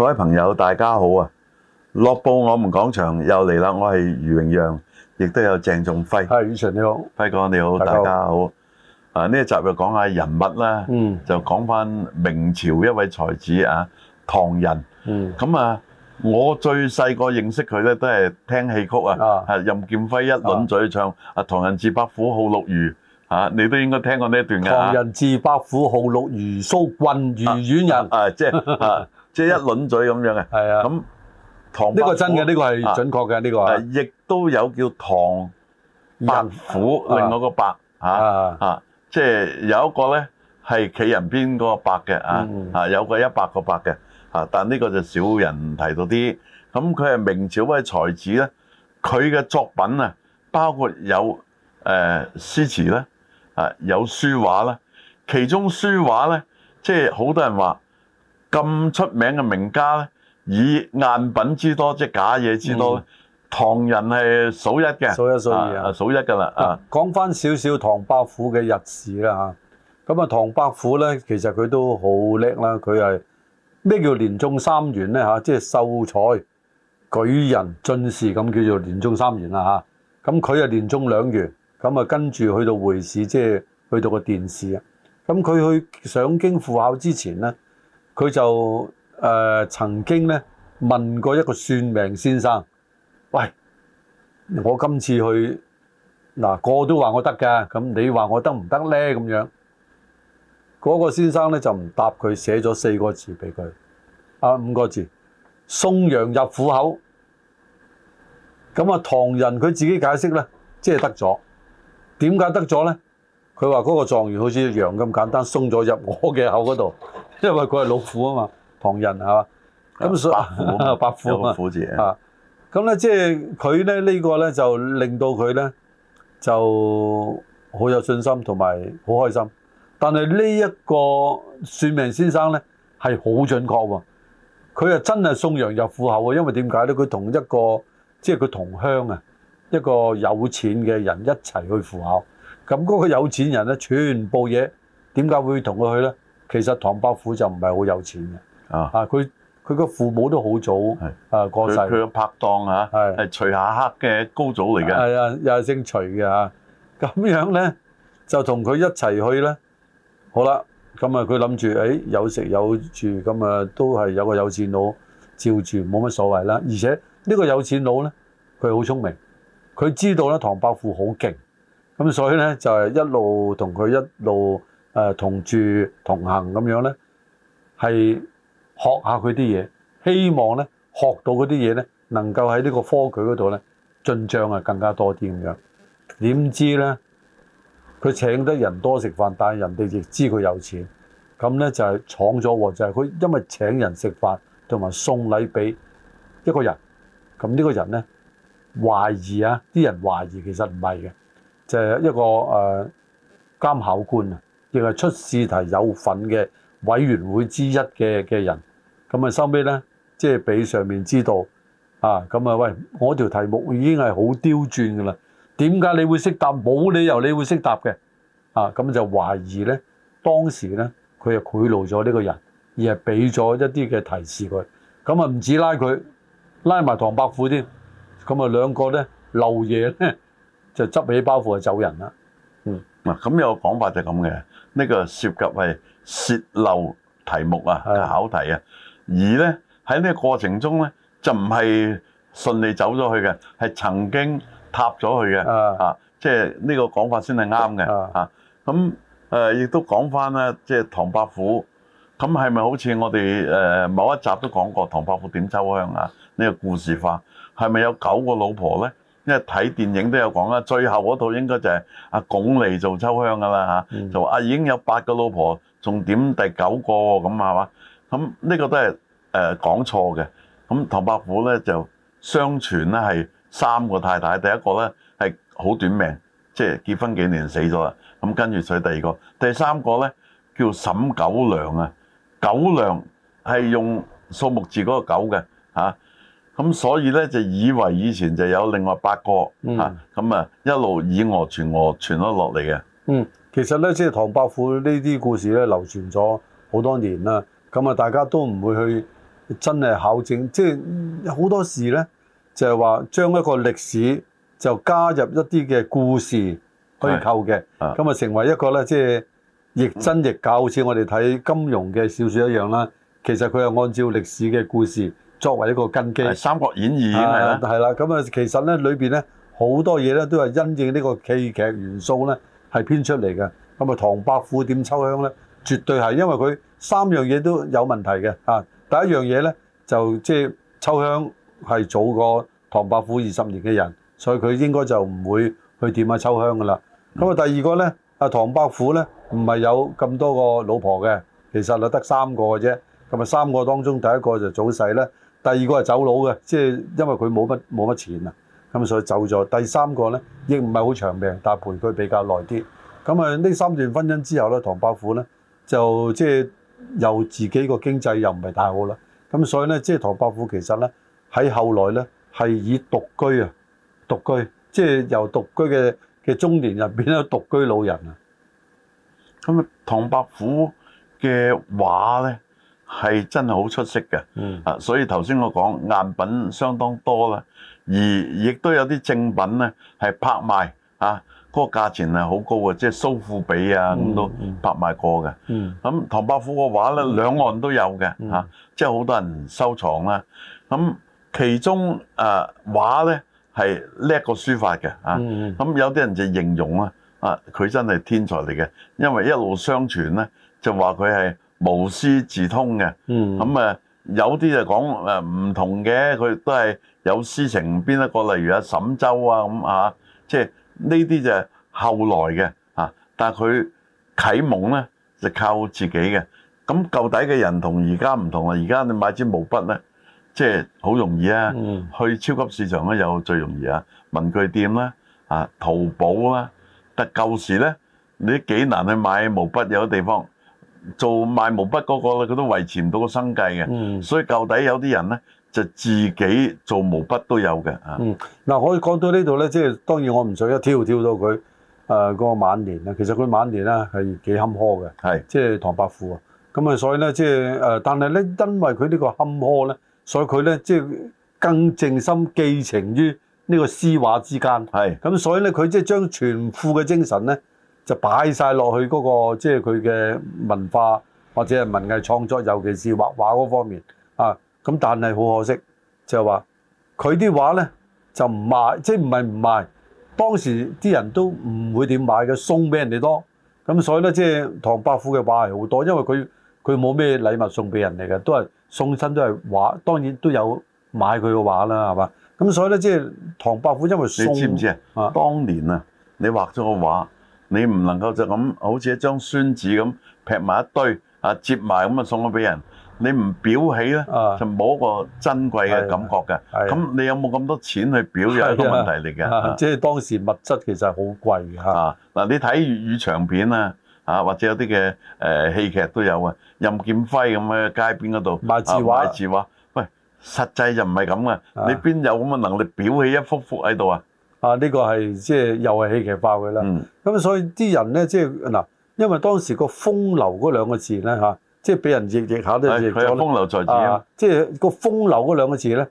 各位朋友，大家好啊！《樂報》我們講場又嚟啦，我係余榮讓，亦都有鄭仲輝。係，雨晨你好，輝哥你好，大家好。啊，呢一集就講下人物啦，嗯，就講翻明朝一位才子啊，唐寅。嗯，咁啊，我最細個認識佢咧，都係聽戲曲啊，啊，任劍輝一輪嘴唱啊，唐寅字伯虎號六如，啊，你都應該聽過呢一段嘅。唐寅字伯虎號六如，蘇郡魚縣人。啊，即係。即係一輪嘴咁樣嘅，係啊，咁唐呢個真嘅，呢個係準確嘅，呢個係亦都有叫唐伯虎另外個伯嚇啊，即係有一個咧，係企人邊嗰個伯嘅啊，啊，有個一百個伯嘅啊，但呢個就少人提到啲。咁佢係明朝嘅才子咧，佢嘅作品啊，包括有誒詩詞啦，啊有書畫啦，其中書畫咧，即係好多人話。咁出名嘅名家咧，以贗品之多即係假嘢之多，嗯、唐寅係數一嘅，數一數二啊，數一㗎啦。講翻少少唐伯虎嘅日事啦嚇，咁啊唐伯虎咧，其實佢都好叻啦。佢係咩叫連中三元咧、啊、即係秀才、舉人、進士咁叫做連中三元啦嚇。咁佢啊連中兩元，咁啊就跟住去到會試，即、就、係、是、去到個殿試啊。咁佢去上京赴考之前咧。佢就誒、呃、曾經咧問過一個算命先生，喂，我今次去嗱、呃、個都話我得㗎，咁你話我得唔得咧？咁樣嗰、嗰個先生咧就唔答佢，寫咗四個字俾佢，啊五個字，送羊入虎口。咁啊，唐寅佢自己解釋咧，即係得咗。點解得咗咧？佢話嗰個狀元好似羊咁簡單，送咗入我嘅口嗰度。因為佢係老虎啊嘛，唐寅係嘛，咁所以伯虎啊嘛，老虎字啊，咁咧即係佢咧呢、這個咧就令到佢咧就好有信心同埋好開心。但係呢一個算命先生咧係好準確喎，佢啊真係送羊入虎口啊！因為點解咧？佢同一個即係佢同鄉啊，一個有錢嘅人一齊去虎口。咁、那、嗰個有錢人咧，全部嘢點解會同佢去咧？其實唐伯虎就唔係好有錢嘅，啊，佢佢個父母都好早啊過世，佢嘅拍檔嚇係係徐霞客嘅高祖嚟嘅，係啊，又係姓徐嘅嚇。咁樣咧就同佢一齊去咧，好啦，咁啊佢諗住誒有食有住，咁啊都係有個有錢佬照住冇乜所謂啦。而且呢個有錢佬咧，佢好聰明，佢知道咧唐伯虎好勁，咁所以咧就係一路同佢一路。誒同住同行咁樣咧，係學下佢啲嘢，希望咧學到佢啲嘢咧，能夠喺呢個科舉嗰度咧進帳啊更加多啲咁樣。點知咧佢請得人多食飯，但係人哋亦知佢有錢，咁咧就係闖咗，就係、是、佢、就是、因為請人食飯同埋送禮俾一個人，咁呢個人咧懷疑啊，啲人懷疑其實唔係嘅，就係、是、一個誒、呃、監考官啊。亦係出試題有份嘅委員會之一嘅嘅人呢，咁啊收尾咧，即係俾上面知道啊，咁啊喂，我條題目已經係好刁鑽嘅啦，點解你會識答？冇理由你會識答嘅啊，咁就懷疑咧，當時咧佢係賄賂咗呢個人，而係俾咗一啲嘅提示佢，咁啊唔止拉佢，拉埋唐伯虎添，咁啊兩個咧漏嘢咧就執起包袱就走人啦。嗱，咁有個講法就咁嘅，呢個涉及係泄漏題目啊、考題啊，是的 而咧喺呢個過程中咧就唔係順利走咗去嘅，係曾經踏咗去嘅啊，即係呢個講法先係啱嘅啊。咁誒亦都講翻咧，即係唐伯虎，咁係咪好似我哋誒某一集都講過唐伯虎點秋香啊？呢個故事化係咪有九個老婆咧？睇電影都有講啦，最後嗰套應該就係阿鞏俐做秋香噶啦嚇，嗯、就話啊已經有八個老婆，仲點第九個咁啊嘛？咁呢個都係誒講錯嘅。咁唐伯虎咧就相傳咧係三個太太，第一個咧係好短命，即係結婚幾年死咗啦。咁跟住娶第二個，第三個咧叫沈九娘啊，九娘係用數目字嗰個九嘅嚇。啊咁所以咧就以為以前就有另外八個嚇，咁、嗯、啊一路以訛傳訛傳咗落嚟嘅。嗯，其實咧即係唐伯虎呢啲故事咧流傳咗好多年啦，咁、嗯、啊大家都唔會去真係考證，即係好多時咧就係、是、話將一個歷史就加入一啲嘅故事虛構嘅，咁啊成為一個咧即係亦真亦假，好似、嗯、我哋睇金庸嘅小説一樣啦。其實佢係按照歷史嘅故事。作為一個根基，《三國演義》係啦，係啦，咁啊，其實咧裏邊咧好多嘢咧都係因應呢個戲劇元素咧係編出嚟嘅。咁啊，唐伯虎點秋香咧，絕對係因為佢三樣嘢都有問題嘅。啊，第一樣嘢咧就即係秋香係早過唐伯虎二十年嘅人，所以佢應該就唔會去點下秋香噶啦。咁啊，第二個咧啊，唐伯虎咧唔係有咁多個老婆嘅，其實就得三個嘅啫。咁啊，三個當中第一個就早逝咧。第二個係走佬嘅，即係因為佢冇乜冇乜錢啊，咁所以走咗。第三個咧亦唔係好長命，但係陪佢比較耐啲。咁啊，呢三段婚姻之後咧，唐伯虎咧就即係又自己個經濟又唔係太好啦。咁所以咧，即係唐伯虎其實咧喺後來咧係以獨居啊，獨居即係、就是、由獨居嘅嘅中年入面，咧獨居老人啊。咁啊，唐伯虎嘅畫咧。係真係好出色嘅，啊、嗯！所以頭先我講贗品相當多啦，而亦都有啲正品咧係拍賣啊，嗰、那個價錢係好高嘅，即係蘇富比啊咁、嗯、都拍賣過嘅。咁、嗯嗯、唐伯虎個畫咧兩岸都有嘅嚇、嗯啊，即係好多人收藏啦。咁其中啊畫咧係叻個書法嘅啊，咁、嗯嗯、有啲人就形容啦啊，佢真係天才嚟嘅，因為一路相傳咧就話佢係。無師自通嘅，咁啊、嗯嗯、有啲就講唔同嘅，佢都係有師承邊一個？例如阿、啊、沈周啊咁啊，即係呢啲就，是、就後來嘅啊。但佢啟蒙咧就靠自己嘅。咁、啊、舊底嘅人同而家唔同啦。而家你買支毛筆咧，即係好容易啊。嗯、去超級市場咧有最容易啊，文具店啦啊，啊，淘寶啦、啊。但舊時咧，你幾難去買毛筆，有啲地方。做賣毛筆嗰，那個佢都維持唔到個生計嘅，嗯、所以舊底有啲人咧就自己做毛筆都有嘅。嗯，嗱，可以講到呢度咧，即係當然我唔想一跳跳到佢，誒、呃，個晚年啊，其實佢晚年咧係幾坎坷嘅。係是，即係唐伯虎啊，咁啊，就是呃，所以咧即係誒，但係咧因為佢呢個坎坷咧，所以佢咧即係更靜心寄情於呢個詩畫之間。係是，咁所以咧佢即係將全副嘅精神咧。就擺晒落去嗰個即係佢嘅文化或者係文藝創作，尤其是畫畫嗰方面啊。咁但係好可惜就，就係話佢啲畫咧就唔賣，即係唔係唔賣。當時啲人都唔會點買嘅，送俾人哋多。咁所以咧，即係唐伯虎嘅畫係好多，因為佢佢冇咩禮物送俾人哋嘅，都係送親都係畫。當然都有買佢嘅畫啦，係嘛？咁所以咧，即係唐伯虎因為你知唔知啊？當年啊，你畫咗個畫。你唔能夠就咁好似一張宣紙咁劈埋一堆啊，接埋咁啊送咗俾人，你唔裱起咧，就冇一個珍貴嘅感覺㗎。咁你有冇咁多錢去裱又係一個問題嚟㗎。即係當時物質其實係好貴㗎。啊嗱，你睇粵語長片啊，啊或者有啲嘅誒戲劇都有啊，任劍輝咁嘅街邊嗰度賣字畫。賣字畫，喂，實際就唔係咁㗎。你邊有咁嘅能力裱起一幅幅喺度啊？啊！呢、呢個係即係又係戲劇化嘅啦。咁、嗯啊、所以啲人咧，即係嗱，因為當時個風流嗰兩個字咧、啊、即係俾人譯譯下，都係佢考。風流才子啊！啊即係個風流嗰兩個字咧，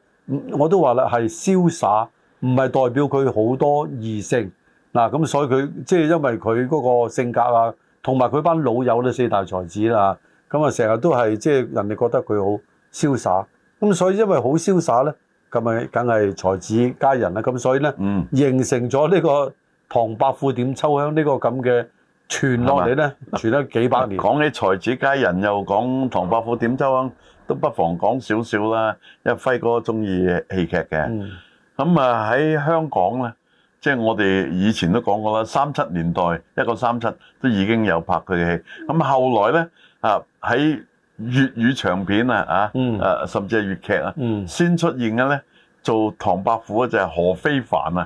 我都話啦，係瀟灑，唔係代表佢好多異性嗱。咁、啊嗯、所以佢即係因為佢嗰個性格啊，同埋佢班老友咧四大才子啦，咁啊成日、嗯、都係即係人哋覺得佢好瀟灑。咁、啊、所以因為好瀟灑咧。咁咪梗係才子佳人啦，咁所以咧，嗯，形成咗呢個唐伯虎點秋香呢個咁嘅傳落嚟咧，傳咗幾百年。講起才子佳人又講唐伯虎點秋香，都不妨講少少啦。因為輝哥中意戲劇嘅，咁啊喺香港咧，即係我哋以前都講過啦，三七年代，一九三七都已經有拍佢嘅戲。咁後來咧啊喺粵語長片啊，啊，誒，甚至係粵劇啊，先出現嘅咧，做唐伯虎嘅就係何非凡啊，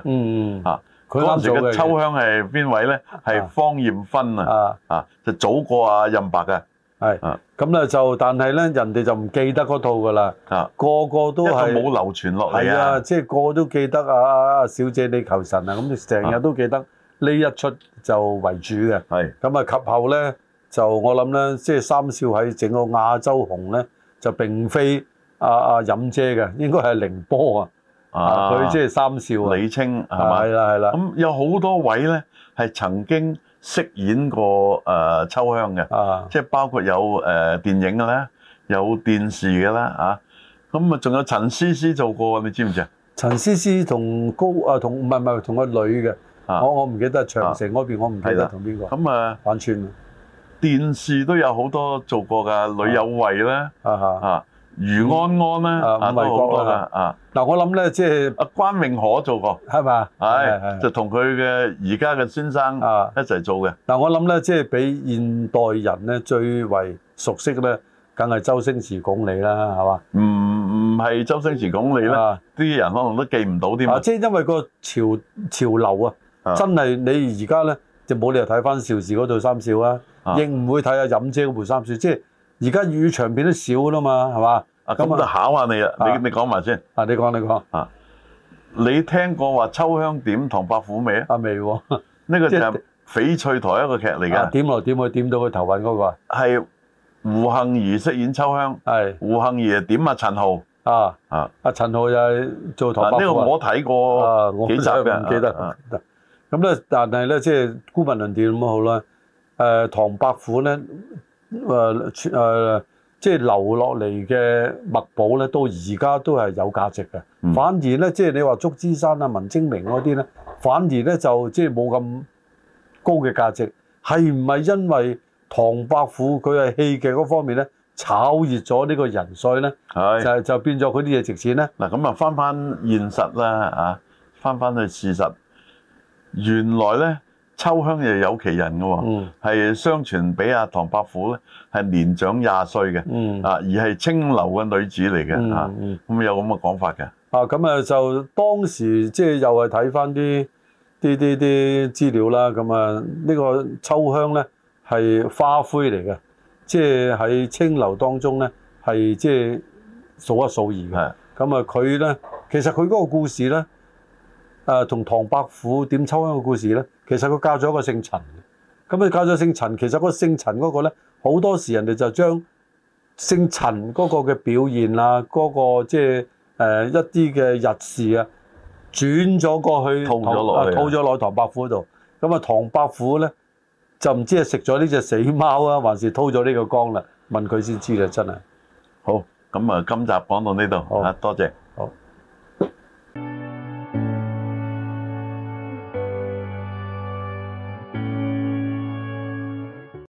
啊，佢當時嘅秋香係邊位咧？係方艷芬啊，啊，就早過阿任白嘅，係，咁咧就，但係咧，人哋就唔記得嗰套嘅啦，個個都係冇流傳落嚟啊，即係個個都記得啊，小姐你求神啊，咁成日都記得呢一齣就為主嘅，係，咁啊及後咧。就我諗咧，即係三少喺整個亞洲紅咧，就並非阿阿任姐嘅，應該係凌波啊！啊，佢即係三少啊，李菁係咪？係啦係啦。咁有好多位咧係曾經飾演過誒秋香嘅，啊，即係包括有誒電影嘅啦，有電視嘅啦，啊，咁啊仲有陳思思做過啊，你知唔知啊？陳思思同高啊同唔係唔係同個女嘅，我我唔記得長城嗰邊，我唔記得同邊個。咁啊反串。電視都有好多做過㗎，呂有慧咧，啊啊，余安安咧，啊都好多啦，啊。嗱我諗咧，即係關詠荷做過，係嘛？係就同佢嘅而家嘅先生一齊做嘅。但我諗咧，即係比現代人咧最為熟悉咧，梗係周星馳講你啦，係嘛？唔唔係周星馳講你咧，啲人可能都記唔到啲。啊，即係因為個潮潮流啊，真係你而家咧。就冇理由睇翻邵氏嗰套三笑啊，亦唔會睇下飲姐嗰套三笑，即係而家粵語場變得少啦嘛，係嘛？啊咁我就考下你啦，你你講埋先。啊，你講你講。啊，你聽過話秋香點唐伯虎未啊？啊未喎，呢個就係翡翠台一個劇嚟嘅。點來點去點到佢頭暈嗰個。係胡杏兒飾演秋香。係。胡杏兒啊點啊陳浩。啊。啊。啊陳浩又係做唐伯虎。呢個我睇過幾集嘅，唔記得。咁咧、嗯，但係咧，即、就、係、是、孤聞論點咁好啦。誒、呃，唐伯虎咧，誒、呃，誒、呃，即係留落嚟嘅墨寶咧，到而家都係有價值嘅。嗯、反而咧，即、就、係、是、你話祝枝山啊、文徵明嗰啲咧，反而咧就即係冇咁高嘅價值。係唔係因為唐伯虎佢係戲劇嗰方面咧炒熱咗呢個人所以咧？係的就就變咗佢啲嘢值錢咧。嗱，咁啊，返返現實啦，啊，返返去事實。原來咧，秋香又有其人噶，哦，係、嗯、相傳俾阿唐伯虎咧，係年長廿歲嘅，啊、嗯、而係青樓嘅女子嚟嘅嚇，咁有咁嘅講法嘅。啊、嗯、咁啊，啊就當時即係又係睇翻啲啲啲啲資料啦。咁啊，呢個秋香咧係花魁嚟嘅，即係喺青樓當中咧係即係數一數二嘅。咁啊的，佢咧其實佢嗰個故事咧。誒同、呃、唐伯虎點秋香個故事咧，其實佢嫁咗一個姓陳嘅，咁佢嫁咗姓陳，其實嗰姓陳嗰個咧，好多時人哋就將姓陳嗰個嘅表現啊，嗰、嗰個即係誒一啲嘅日事啊，轉咗過去，套咗落套咗落唐伯虎度，咁啊唐伯虎咧就唔知係食咗呢隻死貓啊，還是偷咗呢個缸啦、啊，問佢先知啦，真係。好，咁啊今集講到呢度嚇，好多謝。